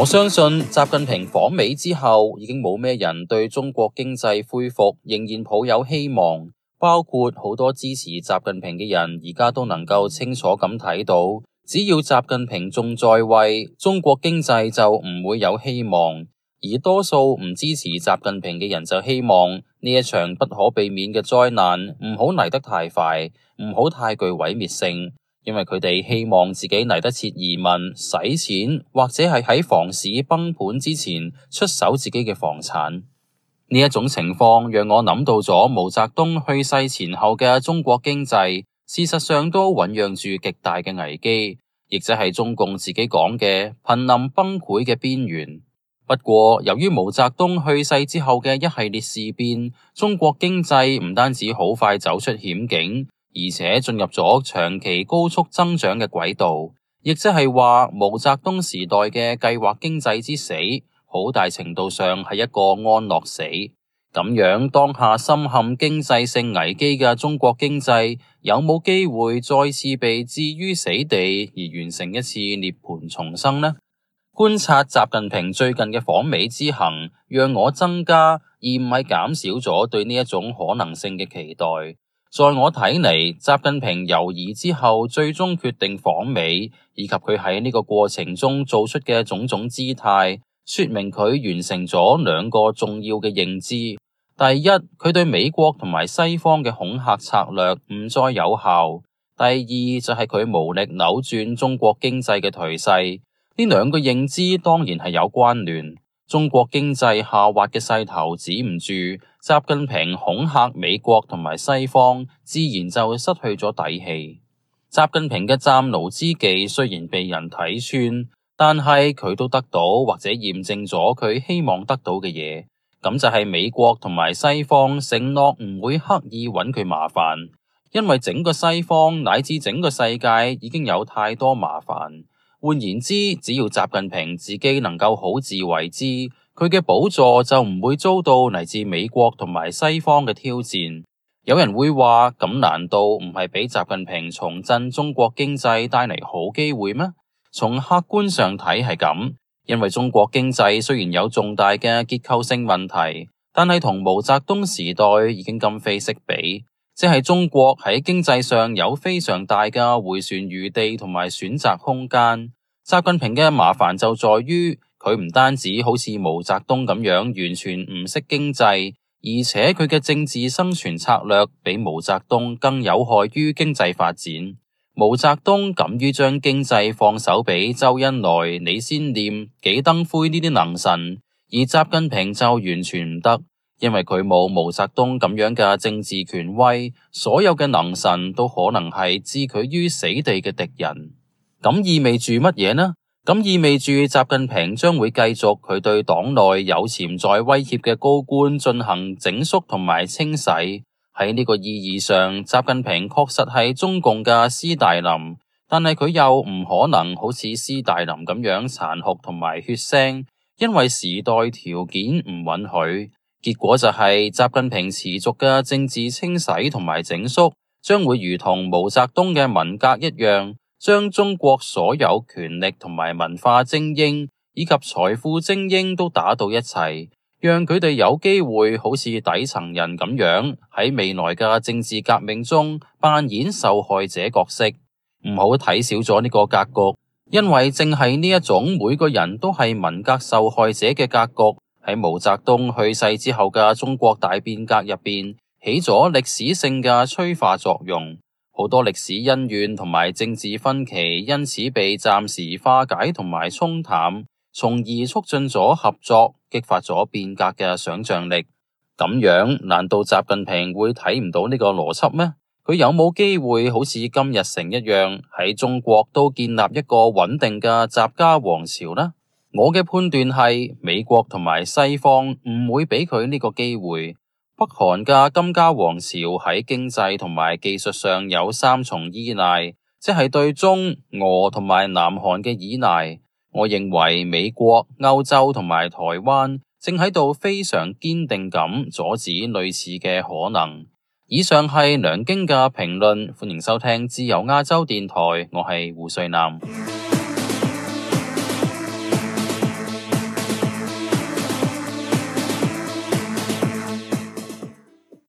我相信習近平訪美之後，已經冇咩人對中國經濟恢復仍然抱有希望，包括好多支持習近平嘅人，而家都能夠清楚咁睇到，只要習近平仲在位，中國經濟就唔會有希望。而多數唔支持習近平嘅人就希望呢一場不可避免嘅災難唔好嚟得太快，唔好太具毀滅性。因為佢哋希望自己嚟得切移民洗錢，或者係喺房市崩盤之前出手自己嘅房產。呢一種情況，讓我諗到咗毛澤東去世前後嘅中國經濟，事實上都醞釀住極大嘅危機，亦即係中共自己講嘅瀕臨崩潰嘅邊緣。不過，由於毛澤東去世之後嘅一系列事變，中國經濟唔單止好快走出險境。而且進入咗長期高速增長嘅軌道，亦即係話毛澤東時代嘅計劃經濟之死，好大程度上係一個安樂死。咁樣當下深陷經濟性危機嘅中國經濟，有冇機會再次被置於死地而完成一次涅槃重生呢？觀察習近平最近嘅訪美之行，讓我增加而唔係減少咗對呢一種可能性嘅期待。在我睇嚟，習近平猶豫之後，最終決定訪美，以及佢喺呢個過程中做出嘅種種姿態，說明佢完成咗兩個重要嘅認知：第一，佢對美國同埋西方嘅恐嚇策略唔再有效；第二，就係佢無力扭轉中國經濟嘅頹勢。呢兩個認知當然係有關聯。中國經濟下滑嘅勢頭止唔住，習近平恐吓美國同埋西方，自然就會失去咗底氣。習近平嘅戰狼之技雖然被人睇穿，但係佢都得到或者驗證咗佢希望得到嘅嘢，咁就係美國同埋西方承諾唔會刻意搵佢麻煩，因為整個西方乃至整個世界已經有太多麻煩。換言之，只要習近平自己能夠好自為之，佢嘅寶座就唔會遭到嚟自美國同埋西方嘅挑戰。有人會話咁，難道唔係俾習近平重振中國經濟帶嚟好機會咩？從客觀上睇係咁，因為中國經濟雖然有重大嘅結構性問題，但係同毛澤東時代已經今非昔比。即係中國喺經濟上有非常大嘅回旋餘地同埋選擇空間。習近平嘅麻煩就在於佢唔單止好似毛澤東咁樣完全唔識經濟，而且佢嘅政治生存策略比毛澤東更有害於經濟發展。毛澤東敢於將經濟放手俾周恩來、李先念、紀登奎呢啲能臣，而習近平就完全唔得。因為佢冇毛澤東咁樣嘅政治權威，所有嘅能臣都可能係置佢於死地嘅敵人。咁意味住乜嘢呢？咁意味住習近平將會繼續佢對黨內有潛在威脅嘅高官進行整肅同埋清洗。喺呢個意義上，習近平確實係中共嘅斯大林，但係佢又唔可能好似斯大林咁樣殘酷同埋血腥，因為時代條件唔允許。結果就係、是、習近平持續嘅政治清洗同埋整肅，將會如同毛澤東嘅文革一樣，將中國所有權力同埋文化精英以及財富精英都打到一齊，讓佢哋有機會好似底層人咁樣喺未來嘅政治革命中扮演受害者角色。唔好睇少咗呢個格局，因為正係呢一種每個人都係文革受害者嘅格局。喺毛澤東去世之後嘅中國大變革入邊，起咗歷史性嘅催化作用。好多歷史恩怨同埋政治分歧因此被暫時化解同埋沖淡，從而促進咗合作，激發咗變革嘅想象力。咁樣，難道習近平會睇唔到呢個邏輯咩？佢有冇機會好似金日成一樣，喺中國都建立一個穩定嘅習家王朝呢？我嘅判斷係，美國同埋西方唔會俾佢呢個機會。北韓嘅金家王朝喺經濟同埋技術上有三重依賴，即係對中俄同埋南韓嘅依賴。我認為美國、歐洲同埋台灣正喺度非常堅定咁阻止類似嘅可能。以上係梁京嘅評論，歡迎收聽自由亞洲電台，我係胡瑞南。